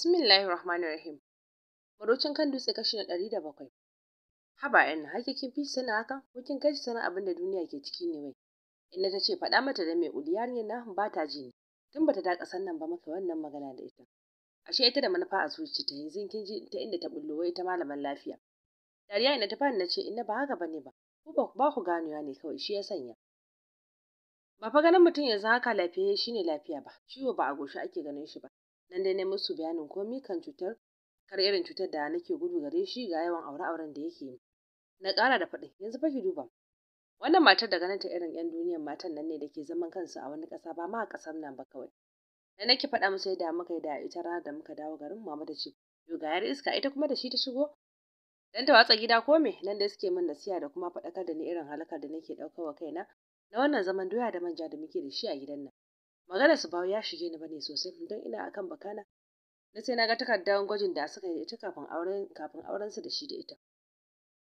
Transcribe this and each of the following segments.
Bismillahir Rahmanir Rahim. Marocin kan dutse kashi na ɗari da bakwai. Haba yan har kin fi sana haka ko kin kai sana abin da duniya ke ciki ne wai. Inna ta ce faɗa mata da mai uli yarinyar na ba ta ji ne. Tun bata da ƙasar nan ba maka wannan magana da ita. Ashe ita da manufa a zuci ta yanzu kin ji ta inda ta bullo wai ta malaman lafiya. Dariya ina ta fara na ce inna ba haka bane ba. Ku ba ba ku gano ne kawai shi ya sanya. Ba fa ganin mutum yanzu haka shi shine lafiya ba. Ciwo ba a goshi ake ganin shi ba. nan dai na musu bayanin komai kan cutar kar irin cutar da nake gudu gare shi ga yawan aure-auren da yake yi na ƙara da faɗin yanzu fa ki duba wannan matar da ganin ta irin 'yan duniyar matan nan ne da ke zaman kansu a wani ƙasa ba ma a ƙasar nan ba kawai da nake faɗa musu yadda muka yi da ita ranar da muka dawo garin mama da ce yo ga yar iska ita kuma da shi ta shigo dan ta watsa gida ko me nan da suke min nasiha da kuma faɗakar da ni irin halakar da nake ɗaukar wa kaina na wannan zaman doya da manja da muke da shi a gidan nan Magana su bawo ya shige ni bane sosai don ina akan bakana na sai na ga takardar gwajin da suka yi ita kafin auren kafin auren su da shi da ita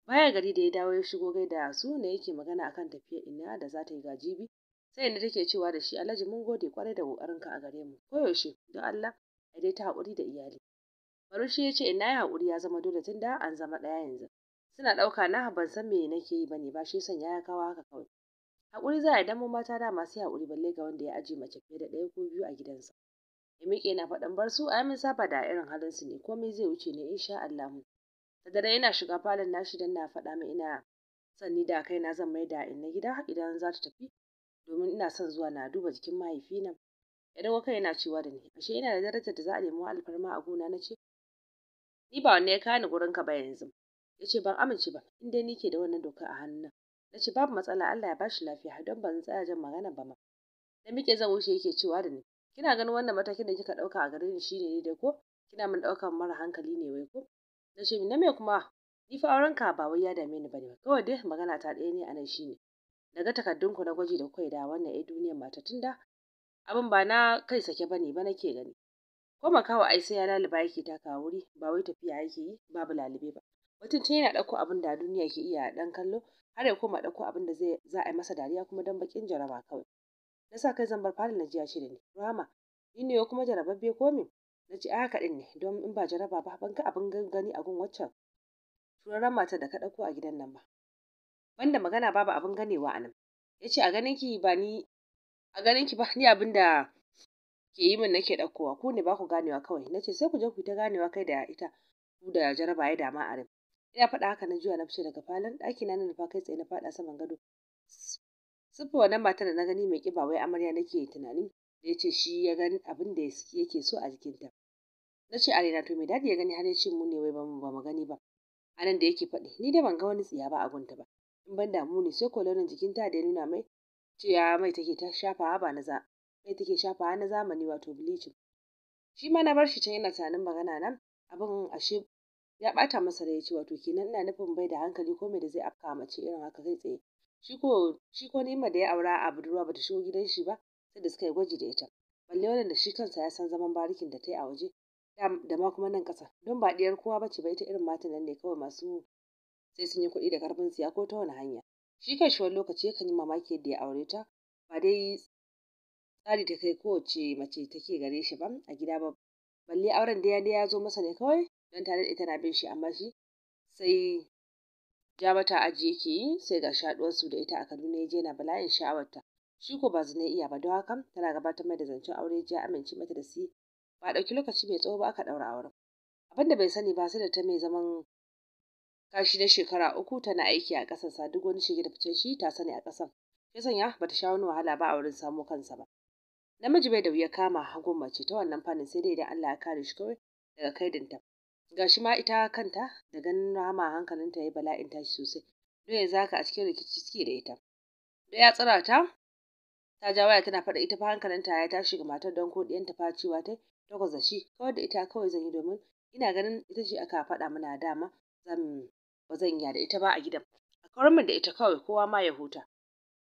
baya gari da ya dawo ya shigo gai da su ne yake magana akan tafiyar ina da za ta yi gajibi sai da take cewa da shi alhaji mun gode kwarai da ka a gare mu koyaushe don Allah a dai ta haƙuri da iyali Barushi ya ce ina ya haƙuri ya zama dole tun da an zama ɗaya yanzu suna ɗauka na ban san me nake yi bane ba shi son ya kawo haka kawai Haƙuri za a yi don mu mata dama sai haƙuri balle ga wanda ya aje mace fiye da ɗaya ko biyu a gidansa. Ya miƙe yana faɗan bar su ai mun saba da irin halinsu ne komai zai wuce ne insha Allahu. Da dare yana shiga falon nashi dan na faɗa min ina son ni da kaina zan mai da inna gida idan za ta tafi domin ina son zuwa na duba jikin mahaifina. Ya dago kai yana cewa da ni ashe ina da darajar da za a nemi alfarma a gona na ce ni ba wanne ya kawo ni ka ba yanzu. Ya ce ban amince ba in dai ni ke da wannan doka a na Na ce babu matsala Allah ya ba shi lafiya don ban tsaya jan magana ba ma. Na miƙe zan wuce yake cewa da ni. Kina ganin wannan matakin da kika ɗauka a gare ni shine dai ko? Kina min ɗaukan mara hankali ne wai ko? Na ce na me kuma ni fa aurenka ba wai ya dame ni ba bane kawai dai magana ta ɗaya ne a anan shine. Daga takardunku na gwaji da kuka da wannan ya duniya mata tunda abin ba na kai sake ne ba nake gani. Ko makawa ai sai ya laliba yake taka wuri ba wai tafiya yake yi babu lalube ba. Mutum tun yana ɗauko abin da duniya ke iya ɗan kallo har ya koma ɗauko abin da zai za a yi masa dariya kuma don bakin jaraba kawai na sa kai zan bar falon na ji ya shirya ne Mama! ni ne kuma jarababbe ko me na ce a haka ne don in ba jaraba ba ban ga abin gangani a gun waccan turaren matar da ka ɗauko a gidan nan ba banda magana babu abin ganewa a nan ya ce a ganin ki ba ni a ganin ba ni abin da ke yi min nake ɗaukowa ku ne ba ku ganewa kawai na ce sai ku je ku ta ganewa kai da ita ku da jaraba ya dama a rai ya faɗa haka na juya na fice daga falon ɗaki na nufa kai tsaye na faɗa saman gado sufa wannan matar da na gani mai kiba wai amarya nake tunani da ya ce shi ya gani abin da yake so a jikinta na ce a to mai dadi ya gani har ya ce mu ne wai ba mu gani ba a nan da yake faɗi ni dai ban ga wani tsiya ba a gunta ba in ban damu ne sai ko launin jikinta da ya nuna mai ya mai take ta shafawa ba na za mai take shafawa na zamani wato bleaching shi ma na bar shi can yana tunanin magana nan abin ashe ya bata masa rai ce wato kenan ina nufin bai da hankali ko mai da zai afka mace irin haka kai tsaye shi ko shi ko nima da ya aura a budurwa bata shigo gidan shi ba sai da suka yi gwaji da ita balle wannan da shi kansa ya san zaman barikin da ta yi a waje da ma kuma nan kasa. don ba ɗiyar kowa bace ba ita irin matan nan ne kawai masu sai sun yi kuɗi da karfin siya ko ta wani hanya shi kai shi wani lokaci yakan yi mamaki da ya aure ta ba dai tsari ta kai kowace mace take gare shi ba a gida ba balle auren da daya ya zo masa ne kawai don ta daɗe tana bin shi amma shi sai ja mata aji yake yi sai ga shaɗuwarsu da ita a Kaduna ya je na bala'in sha'awarta shi ko ba zina iya ba don haka tana gabatar mai da zancen aure ja amince mata da si ba ɗauki lokaci mai tsawo ba aka ɗaura auren abinda bai sani ba sai da ta mai zaman kashi na shekara uku tana aiki a ƙasar sa duk wani shige da fice shi ta sani a ƙasar ya sanya bata sha wani wahala ba a wurin samo kansa ba namiji bai da wuya kama hagun mace ta wannan fannin sai dai idan Allah ya kare shi kawai daga kaidinta Ga shi ma ita kanta da ganin rama hankalinta ya bala'in tashi sosai don yanzu haka a cikin rikici suke da ita da ya tsara ta ta ja waya tana faɗa ita fa hankalinta ya tashi ga matar don ko ɗiyanta fa cewa ta takwas da shi kawai da ita kawai zan yi domin ina ganin ita ce aka faɗa mana dama zan ba zan yi da ita ba a gidan a kawar min da ita kawai kowa ma ya huta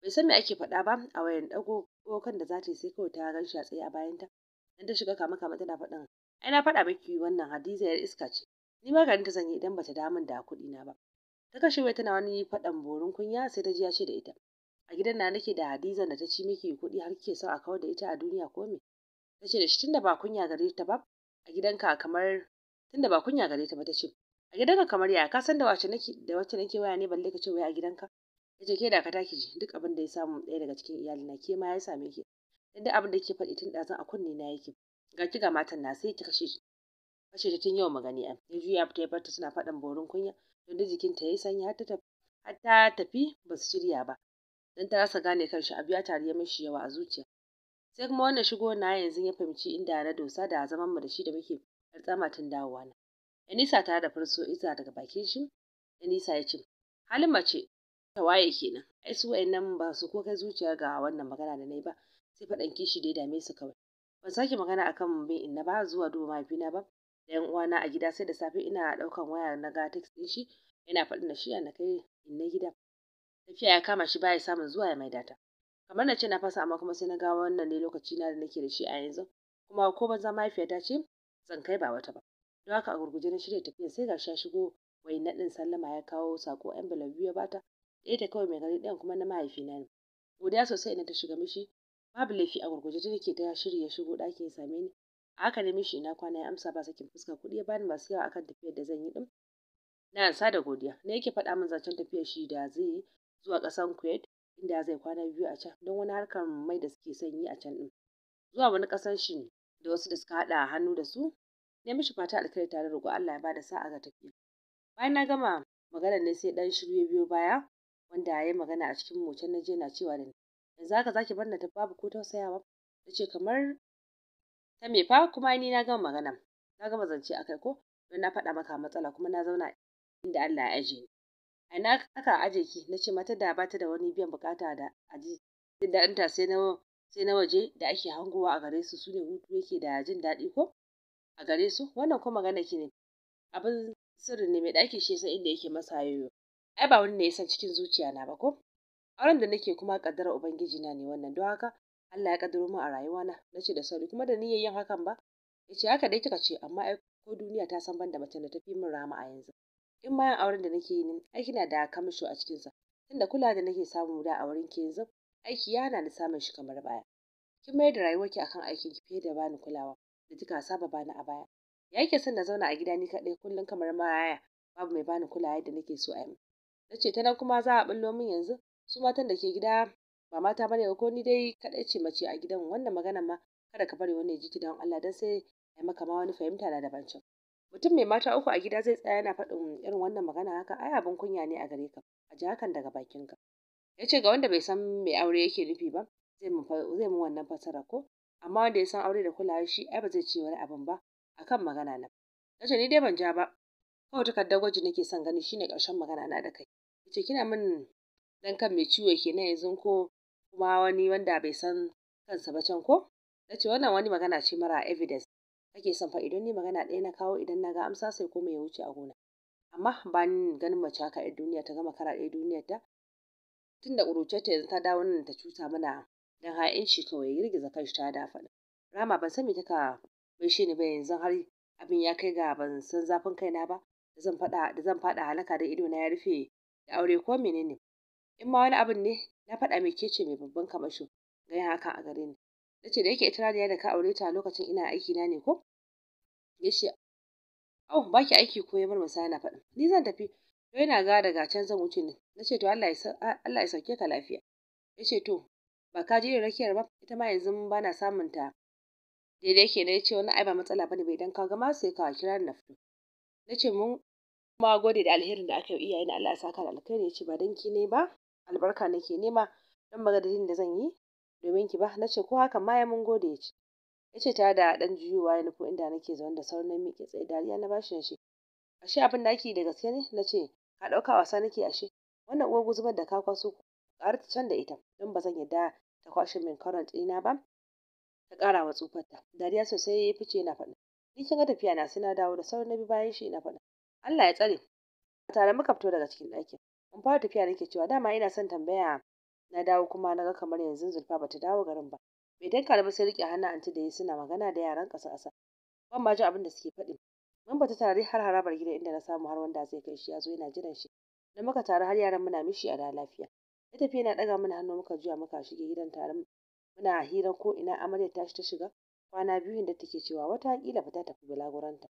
bai san me ake faɗa ba a wayan ɗago kan da za ta yi sai kawai ta gan shi a tsaye a bayanta dan ta shiga kama kama tana faɗin ai na faɗa miki wannan Hadiza yar iska ce ni ma garin ta zanyi idan bata da da kuɗi na ba ta kashe wai tana wani faɗan borin kunya sai ta ji ya ce da ita a gidan na nake da Hadiza da ta ci miki kuɗi har kike son a kawar da ita a duniya ko me ta ce da shi tunda ba kunya gare ta ba a gidanka kamar tunda ba kunya gare ta ba ta ce a gidanka kamar ya ka san da wace nake da wace nake waya ne balle ka ce wai a gidanka ta ce ke da ka taki ji duk abin da ya samu ɗaya daga cikin iyalina ke ma ya same ki duk abin da kike faɗi tun ɗazun a kunne na yake ga ki ga matan na sai ki kashe shi kashe ta tun yau magani an ya juya ta ya barta suna faɗan borin kunya don da jikin ta yayi sanyi har ta tafi har ta tafi ba su shirya ba dan ta rasa gane kanshi abu ya tare ya mishi yawa a zuciya sai kuma wannan shigo na yanzu ya fahimci inda na dosa da zaman mu da shi da muke tsama tun dawowa na Yanisa tare da farso ita daga bakin shi Yanisa ya ce halin mace ta waye kenan ai su wayannan ba su ko kai zuciya ga wannan magana da nayi ba sai faɗan kishi da ya dame su kawai ban sake magana akan bin inna ba zuwa duba mahaifina ba da yan uwana a gida sai da safe ina ɗaukan waya na ga text shi yana faɗin da shi a na kai inna gida tafiya ya kama shi baya samun zuwa ya maida ta kamar na ce na fasa amma kuma sai na ga wannan ne lokaci na da nake da shi a yanzu kuma ko banza mahaifiyata ce zan kai ba wata ba don haka a gurguje na shirya tafiya sai ga sha shigo wai na din sallama ya kawo sako envelope biyu ya bata ɗaya ta kawai mai gari ɗayan kuma na mahaifina ne godiya sosai ina ta shiga mishi babu laifi a gurguje ta yake ta shirya shigo ɗakin ya same ni a haka na mishi ina kwana ya amsa ba sakin fuska kuɗi ya bani masu yawa akan tafiyar da zan yi din na ansa da godiya na yake faɗa min zancen tafiyar shi da zai yi zuwa ƙasan Kuwait inda zai kwana biyu a can don wani harkar mai da suke son yi a can ɗin? zuwa wani ƙasan shi da wasu da suka haɗa hannu da su na mishi fata alkhairi tare da roƙo Allah ya bada sa'a ga tafiya bayan na gama magana ne sai dan shirye ya biyo baya wanda ya magana a cikin mocen na je na cewa da ni yanzu haka zaki bar na ta babu ko tausayawa ta ce kamar ta me fa kuma ni na gama magana na gama zance akai ko don na faɗa maka matsala kuma na zauna inda Allah ya aje ni a na aka aje ki na ce mata da bata da wani biyan bukata da aji jin daɗin sai na sai na waje da ake hangowa a gare su sune hutu yake da jin daɗi ko a gare su wannan ko magana ki ne abin sirri ne mai ɗaki shi sai inda yake masa yoyo ai ba wani ne ya san cikin zuciya na ba ko auren da nake kuma kaddara ubangiji na ne wannan don haka Allah ya kaddaro mu a rayuwana nace da sauri kuma da niyyar yin hakan ba yace haka dai kika ce amma ai ko duniya ta san banda mace da fi min rama a yanzu in bayan auren da nake yi ne ai kina da kamisho a cikin sa tunda kula da nake samu da a wurin ki yanzu aiki ya hana ni samun shi kamar baya kin mayar da rayuwarki akan aikin ki fiye da bani kulawa da kika saba bani a baya ya yake son na zauna a gida ni kaɗai kullum kamar maraya babu mai bani kulawa da nake so a yi na ta nan kuma za a ɓullo min yanzu su matan da ke gida ba mata bane ko ni dai kadai ce mace a gidan wannan maganar ma kada ka bari wannan jiki don Allah dan sai ai maka ma wani fahimta na daban can mutum mai mata uku a gida zai tsaya yana faɗin irin wannan magana haka ai abin kunya ne a gare ka a ji hakan daga bakin ka ya ce ga wanda bai san mai aure yake nufi ba zai mu zai wannan fasara ko amma wanda ya san aure da kulawa shi ai ba zai ce wani abin ba akan magana na ce ni dai ban ja ba kawai takardar gwaji nake son gani shine ƙarshen magana na da kai yace kina min dan kan mai ciwo kenan yanzu ko kuma wani wanda bai san kansa ba can ko na ce wannan wani magana ce mara evidence kake son fa idan ni magana ɗaya na kawo idan na ga amsa sai kuma ya wuce a gona amma ba ni ganin mace haka yar duniya ta gama kara ɗaya duniyar ta tun da ƙuruciyarta yanzu ta dawo nan ta cuta mana dan ha'in shi kawai girgiza kan shi ta da faɗa rama ban san me kika ni ba yanzu har abin ya kai ga ban san zafin kaina ba da zan faɗa da zan faɗa halaka da ido na ya rufe da aure ko menene in ma wani abun ne na faɗa mai ke mai babban kamasho ganin haka a gare ni na ce da yake ita radiya da ka aure ta lokacin ina aiki na ne ko ya ce au ba ki aiki ko ya murmusa yana faɗin ni zan tafi to yana ga daga can zan wuce ne na ce to Allah ya sauke ka lafiya ya ce to ba ka je rakiyar ba ita ma yanzu ba na samun ta daidai ke na ce wani ai ba matsala bane bai dan ka gama sai ka kira na fito na ce mun ma gode da alherin da aka yi iyayen Allah ya saka da alkhairi ya ce ba danki ne ba albarka nake nema don magadadin da zan yi domin ki ba na ce ko haka ma ya mun gode ya ce ya ce tare da ɗan juyowa ya nufo inda nake zaune da sauran miƙe tsaye dariya na bashi shi. ashe abin da ake da gaske ne Nace ce ka ɗauka wasa nake ashe wannan uwar guzumar da ka kwaso ƙarar ta can da ita don ba zan yarda ta kwashe min current ɗina ba ta ƙara wa tsufarta dariya sosai ya fice na faɗa ni kin ga tafiya na sai na dawo da sauran na bi bayan shi na faɗa Allah ya tsare tare muka fito daga cikin ɗakin mun fara tafiya nake cewa dama ina son tambaya na dawo kuma na ga kamar yanzu zulfa bata dawo garin ba bai da ba sai rike hannu anti da yi suna magana da yaran kasa ƙasa ban ma ji abin da suke faɗi mun bata tare har harabar gida inda na samu har wanda zai kai shi ya zo yana jiran shi da muka taru har yaran muna mishi a da lafiya ya tafi yana ɗaga mana hannu muka juya muka shige gidan taron muna hira ko ina amarya ta ta shiga kwana biyu da take cewa wata kila fita tafi bulaguranta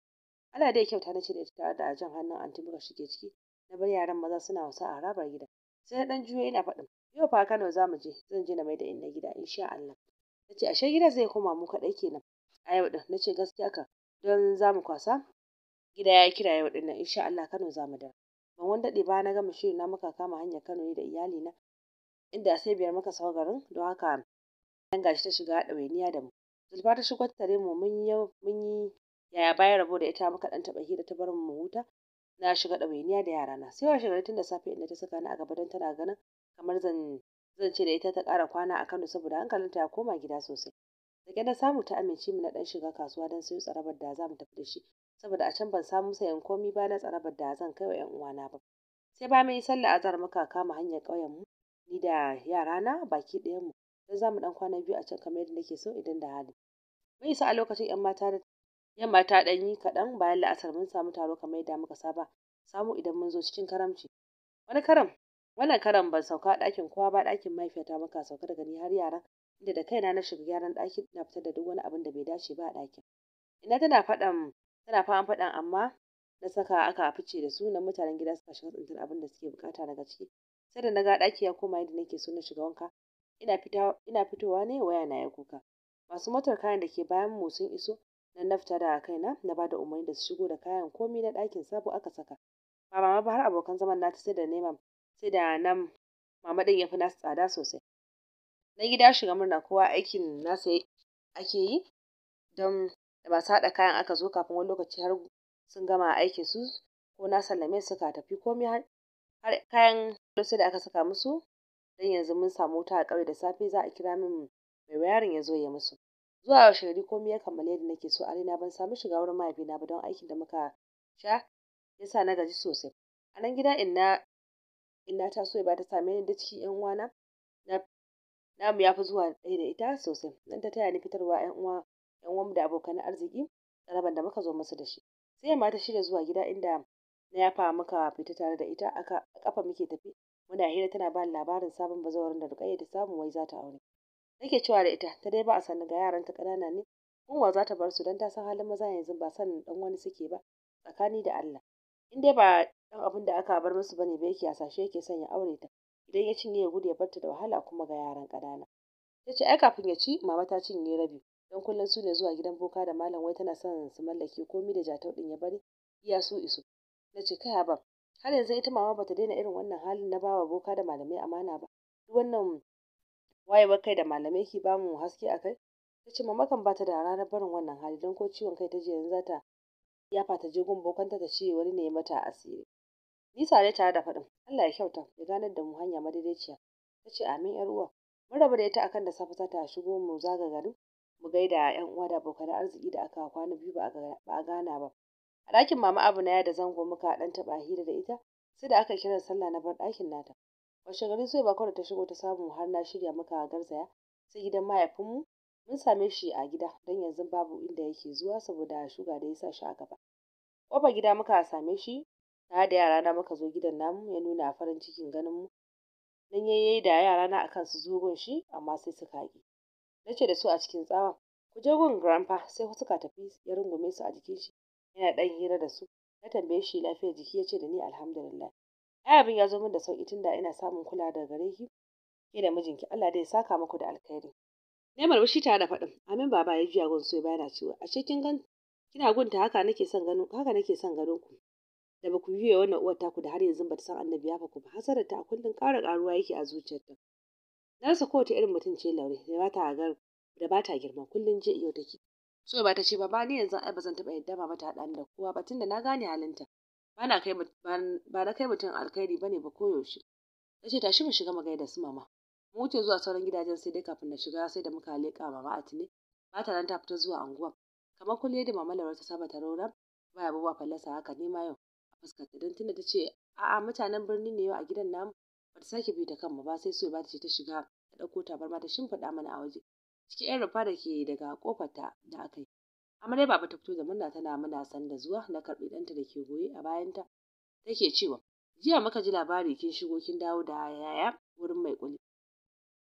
ana da ya kyauta na ce da ita da jan hannun anti muka shige ciki na bar yaran maza suna wasa a harabar gidan sai na dan juyo ina faɗin yau fa Kano za mu je zan je na mai da inna gida insha Allah na ashe gida zai koma mu kaɗai kenan a yau din na gaskiya ka don za mu kwasa gida ya kira yau din nan insha Allah Kano za mu da ban wani daɗe ba na gama shiri na muka kama hanyar Kano ne da iyali na inda sai biyar muka sawa garin don haka dan gashi ta shiga ɗawainiya da mu Zulfa ta shigo ta tare mu mun yi mun yi yaya bayan rabo da ita muka dan taɓa hira ta bar mu huta na shiga ɗawainiya da yarana sai washe gari tun da safe ina ta saka ni a gaba don tana ganin kamar zan zan ce da ita ta ƙara kwana a Kano saboda ta ya koma gida sosai da na samu ta amince mu na ɗan shiga kasuwa don sayo tsarabar da za mu tafi da shi saboda a can ban samu sayan komi ba na tsarabar da zan kai wa 'yan uwana ba sai ba mai sallah zar muka kama hanyar ƙauyen mu ni da yarana baki ɗayan mu don za mu ɗan kwana biyu a can kamar yadda nake so idan da hali mun isa a lokacin 'yan mata Yamma ta ɗan yi kaɗan bayan la'asar mun samu taro kamar yadda muka saba samu idan mun zo cikin karamci. Wani karam wannan karan ban sauka a ɗakin kowa ba ɗakin mahaifiyata muka sauka daga ni har yaran inda da kaina na shiga gyaran ɗakin na fitar da duk wani abin da bai dace ba a ɗakin. Ina tana faɗan tana faɗan amma na saka aka fice da su nan mutanen gida suka shiga tsintar abin da suke bukata daga ciki. Sai da na ga ɗaki ya koma yadda nake so na shiga wanka ina fita ina fitowa ne waya na ya kuka. Masu motar kayan da ke bayan mu sun iso nan na fita da kaina na ba da umarni da su shigo da kayan komi na ɗakin sabo aka saka ba mama ba har abokan zaman nata sai da neman sai da nan mama ɗin yafi fi nasu tsada sosai na gida shiga murna kowa aikin nasa ake yi don da masu haɗa kayan aka zo kafin wani lokaci har sun gama aikin su ko na sallame suka tafi komai har kayan sai da aka saka musu don yanzu mun samu wuta a ƙauye da safe za a kira min mai wayarin ya zo ya musu Zuwa shirari ko komai ya kammala yadda nake so a raina ban samu shiga wurin mahaifina ba don aikin da muka sha ya sa na gaji sosai. A nan gida inna inna ta Suwaiba ta same ni da cikin 'yan uwana na namu ya fi zuwa ɗaya da ita sosai. Nan ta taya ni fitarwa 'yan uwa 'yan uwanmu da abokan arziki tsarabar da muka zo masa da shi. Sai ya ta shirya zuwa gida inda na yafa muka fita tare da ita a kafa muke tafi muna hira tana bani labarin sabon bazawarin da Rukayya ta samu wai za ta aure. yake cewa da ita ta dai ba a sani ga yaranta ƙanana ne kunwa za ta bar su don ta san halin maza yanzu ba sanin dan wani suke ba tsakani da Allah in dai ba dan abin da aka bar musu bane ba yake hasashe yake son ya aure ta idan ya cinye ya gudu ya barta da wahala kuma ga yaran ƙanana ta ce ai kafin ya ci mama ta cinye rabi don kullum su ne zuwa gidan boka da malam wai tana son su mallake komi da jatau ɗin ya bari iya su isu na ce kai ba." har yanzu ita mama bata daina irin wannan halin na bawa boka da malamai amana ba duk wannan wayewar kai da malamai ke bamu haske a kai ta ce mama kan bata da ranar barin wannan hali don ko ciwon kai ta je yanzu zata yafa ta je gun bokanta ta ce wani ne mata asiri ni sare tare da faɗin Allah ya kyauta ya ganar da mu hanya madaidaiciya ta ce amin yar uwa mun rabu da ita akan da safe za ta shigo mu zaga gari mu gaida yan uwa da abokan arziki da aka kwana biyu ba a gana ba a ɗakin mama abu na ya da zango muka ɗan taba hira da ita sai da aka kira sallah na bar ɗakin nata washe gari sai ba kawai ta shigo ta samu har na shirya maka garzaya sai gidan mahaifinmu mun same shi a gida don yanzu babu inda yake zuwa saboda shuga da ya sa shi a gaba kofar gida muka same shi ta da yarana muka zo gidan namu ya nuna farin cikin ganin mu nan yi da yarana akan su zo shi amma sai suka yi. na ce da su a cikin tsawa ku je gun grandpa sai suka tafi ya rungume su a jikin shi yana ɗan hira da su na tambaye shi lafiyar jiki ya ce da ni alhamdulillah Ai abin ya zo min da sauƙi tunda ina samun kula da gare ki ke da mijinki. Allah dai ya saka muku da alkhairi. Na murmushi ta da faɗin amin baba ya juya gun sai yana cewa a kin gan kina gunta haka nake son gano haka nake son ganin ku. Da ba ku yi wannan uwar taku da har yanzu ba ta san annabi ya faku ba hasarar ta a ƙara ƙaruwa yake a zuciyarta. Na rasa kowace irin mutum ce laure da ba ta da ba girma kullum je iyo take. So ba ta ce ba ni yanzu ai ba zan taɓa yadda ba mata haɗa da kowa ba tunda na gane halinta. ba na kai ba na kai mutum alkhairi bane ba koyaushe ta ce tashi mu shiga mu gaida su mama mu wuce zuwa sauran gidajen sai dai kafin na shiga sai da muka leƙa mama a tuni ba ta nan ta fita zuwa anguwan kamar kullum da mama Laura ta saba ta rora ba ya bawa fallasa haka ne ma yau a fuskar ta don tunda ta ce a'a mutanen birni ne yau a gidan namu ba ta sake bi ta kanmu ba sai so ba ta ce ta shiga ta ɗauko tabarma ta shimfiɗa mana a waje cikin 'yan rufa da ke daga kofar ta da aka yi Amarya Baba ta fito da murna tana muna san da zuwa na karɓi ɗanta da ke goye a bayanta take cewa jiya muka ji labari kin shigo kin dawo da yaya wurin mai kuli.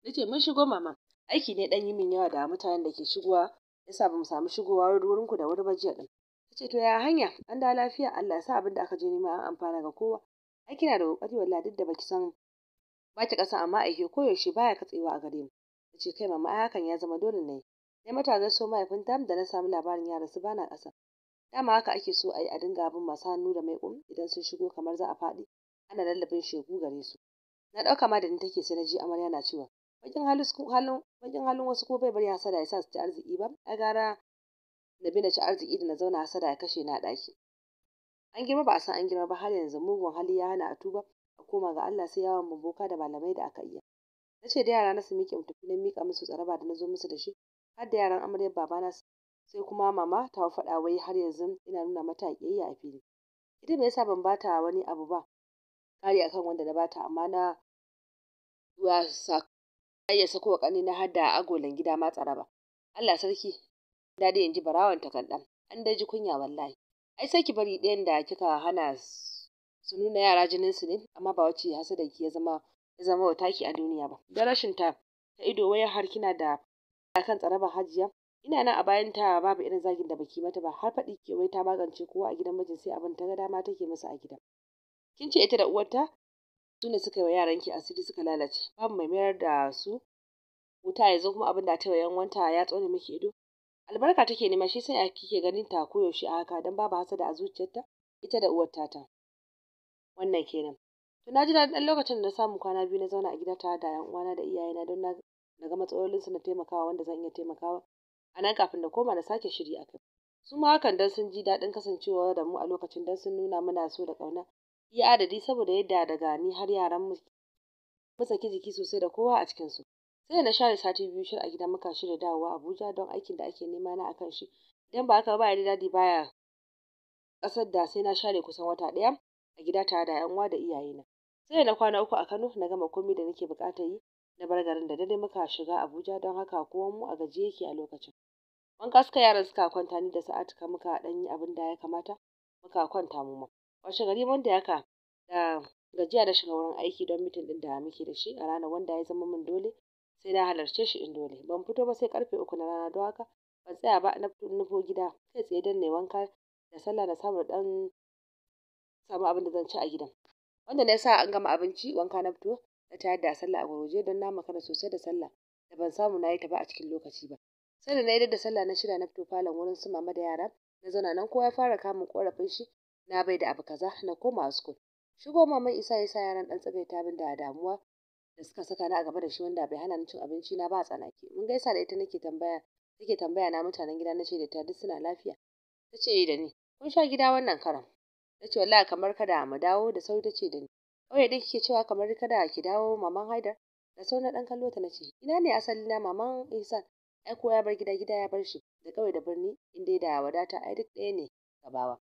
Na mun shigo mama aiki ne ɗan yi min yawa da mutanen da ke shigowa yasa ba mu samu shigowa wurin ku da wuri ba jiya ɗin. tace to ya hanya an da lafiya Allah ya sa abin da aka je nema an amfana ga kowa. Ai kina da kokari wallahi duk da baki san baki kasa amma aike koyaushe baya katsewa a gare mu. Ta kai mama ai hakan ya zama dole ne. sai mata so mahaifinta da na samu labarin yara su bana ƙasa dama haka ake so a yi a dinga abin masu hannu da ƙun idan sun shigo kamar za a faɗi ana lallabin shegu gare su na ɗauka ma da ni take sai na ji amarya na cewa bakin halin halin wasu ko bai bari hasada ya sa su ci arziki ba a gara na bi na ci arziki da na zauna hasada ya kashe na ɗaki an girma ba a san an girma ba har yanzu mugun hali ya hana a tuba a koma ga Allah sai yawon boka da malamai da aka iya na ce da yara na su miƙe mutufi na miƙa musu tsaraba da na zo musu da shi har da yaran amaryar babana sai kuma mama ta faɗa wai har yanzu ina nuna mata ƙiyayya a fili ita me yasa ban bata wani abu ba kari akan wanda na bata amma na ya sa ya sako wa ƙani na hada agolan gida ma tsara ba Allah sarki dai yanzu barawan dan an dai ji kunya wallahi ai sai ki bari ɗayan da kika hana su nuna yara jinin su ne amma ba wace hasada ki ya zama ya zama wa taki a duniya ba da rashin ta ta ido wai har kina da akan tsaraba hajiya ina nan a bayan ta babu irin zagin da baki mata ba har faɗi ke wai ta magance kowa a gidan mijin sai abin ta ga dama take masa a gida kin ce ita da uwarta su ne suka yi wa yaranki asiri suka lalace babu mai mayar da su wuta yanzu kuma abin da ta yan wanta ya tsone miki ido albarka take nema shi sai kike ganin ta koyaushe a haka dan babu hasada a zuciyarta ita da uwar ta wannan kenan to na ji daɗin lokacin da na samu kwana biyu na zauna a gida tare da yan uwana da iyayena don na Daga matsalolin matsalolinsu na taimakawa wanda zan iya taimakawa a nan kafin na koma na sake shiri a kai su ma hakan dan sun ji daɗin kasancewa da mu a lokacin dan sun nuna mana so da ƙauna iya adadi saboda yadda daga ni har yaran mu mu jiki sosai da kowa a cikin su sai na share sati biyu shir a gida muka shirya dawowa Abuja don aikin da ake nema na akan shi idan ba haka ba ya dadi baya ƙasar da sai na share kusan wata ɗaya a gida tare da yan uwa da iyayena sai na kwana uku a Kano na gama komai da nake bukata yi na bar garin da dare muka shiga Abuja don haka kowan mu a gajiye yake a lokacin wanka suka yaran suka kwanta ni da Sa'atuka muka dan yi abin da ya kamata muka kwanta mu ma washe gari wanda yaka da gajiya da shiga wurin aiki don mitin din da muke da shi a ranar wanda ya zama min dole sai na halarce shi in dole ban fito ba sai karfe uku na rana don haka ban tsaya ba na nufo gida kai tsaye don na wanka da sallah na samu dan samu abin da zan ci a gidan wanda na sa an gama abinci wanka na fito na tayar da sallah a gurguje don na makara sosai da sallah da ban samu na yi ta ba a cikin lokaci ba sai da na yi da sallah na shirya na fito falon wurin su mama da yara na zauna nan kowa ya fara kamun korafin shi na bai da abu kaza na koma school shigo maman isa ya sa yaran dan tsagaita min da damuwa da suka saka ni a gaba da shi wanda bai hana ni cin abinci na ba a tsanaki. mun gaisa da ita nake tambaya nake tambaya na mutanen gida na ce da ta duk suna lafiya ta ce eh, da ni kun sha gida wannan karam ta ce wallahi kamar kada mu dawo da sauri ta ce da ni Kawai da kike cewa kamar kada ki dawo maman haidar da sauna dan kallo ta nace ina ne asali na maman ihsan ai kowa ya bar gida gida ya bar shi da kawai da birni in dai da wadata ai duk ɗaya ne gabawa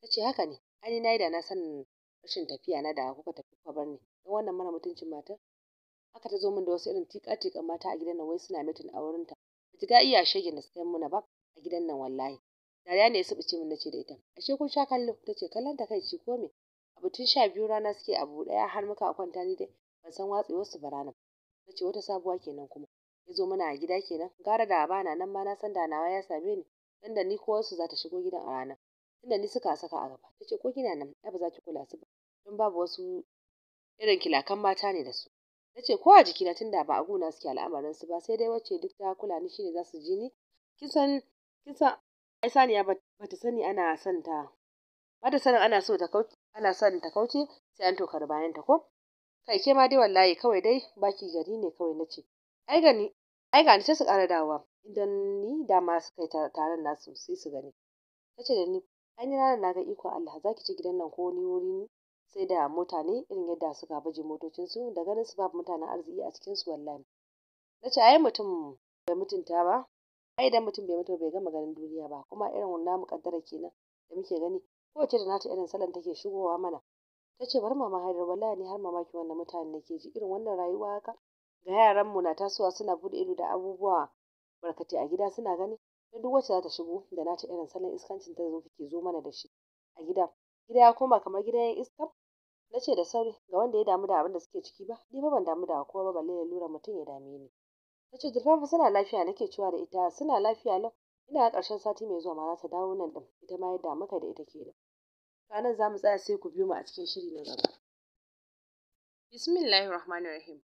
ta ce haka ne ai na yi da na san rashin tafiya na da kuka tafi kuka bar ni don wannan mara mutuncin mata? haka ta zo min da wasu irin tika-tikan mata a gidan nan wai suna mitin a wurinta ba ta iya shege na sayan muna ba a gidan nan wallahi dariya ne ya subuce min nace da ita ashe kun sha kallo ce kallon ta kai ci ko me abu tun sha biyu rana suke abu daya har muka kwanta ni dai ban san watsi wasu ba rana ta ce wata sabuwa kenan kuma ya zo mana a gida kenan gara da bana nan ma na san da nawa ya same ni dan da ni ko wasu za ta shigo gidan a ranar tunda ni suka saka a gaba ta ce ko kina nan ai ba za ki kula su ba don babu wasu irin kilakan mata ne da su ta ce ko a jikina tunda ba a gona suke al'amarin su ba sai dai wacce duk ta kula ni shine za su ji ni kin san kin san ai saniya ba ta sani ana son ta ba ta sanin ana so ta kauce. Ana son ta kauce sai an tokari bayan ta ko kai ke ma dai wallahi kawai dai baki gari ne kawai na ai gani ai gani sai su ƙara dawowa idan ni dama su kai taron nasu sai su gani ta da ni an yi ranar na ga ikon Allah za ki ci gidan nan ko wani wuri ne sai da mutane irin yadda suka baje motocinsu da ganin su babu mutanen arziki a cikinsu wallahi nace ce ai mutum bai mutunta ba ai idan mutum bai mutu bai gama ganin duniya ba kuma irin wannan muƙaddara kenan da muke gani Kowace da nata irin salon take shigowa mana. Ta ce bari mama Haidar wallahi ni har mamaki wannan mutane nake ji irin wannan rayuwa haka. Ga mu na tasowa suna bude ido da abubuwa barkate. a gida suna gani. Dan duk wacce za ta shigo da nata irin salon iskancin ta zo ke zo mana da shi a gida. Gida ya koma kamar gidan 'yan iska. Na ce da sauri ga wanda ya damu da abin da suke ciki ba ni ban damu da kowa ba balle lura mutum ya dame ni. Ta ce Zulfa suna lafiya nake cewa da ita suna lafiya lau. Ina a ƙarshen sati mai zuwa ma za ta dawo nan ɗin, ita ma yadda muka da ita ke da. Ranar nan za mu tsaya sai ku biyo mu a cikin shiri na gaba. Bismillahirrahmanirrahim.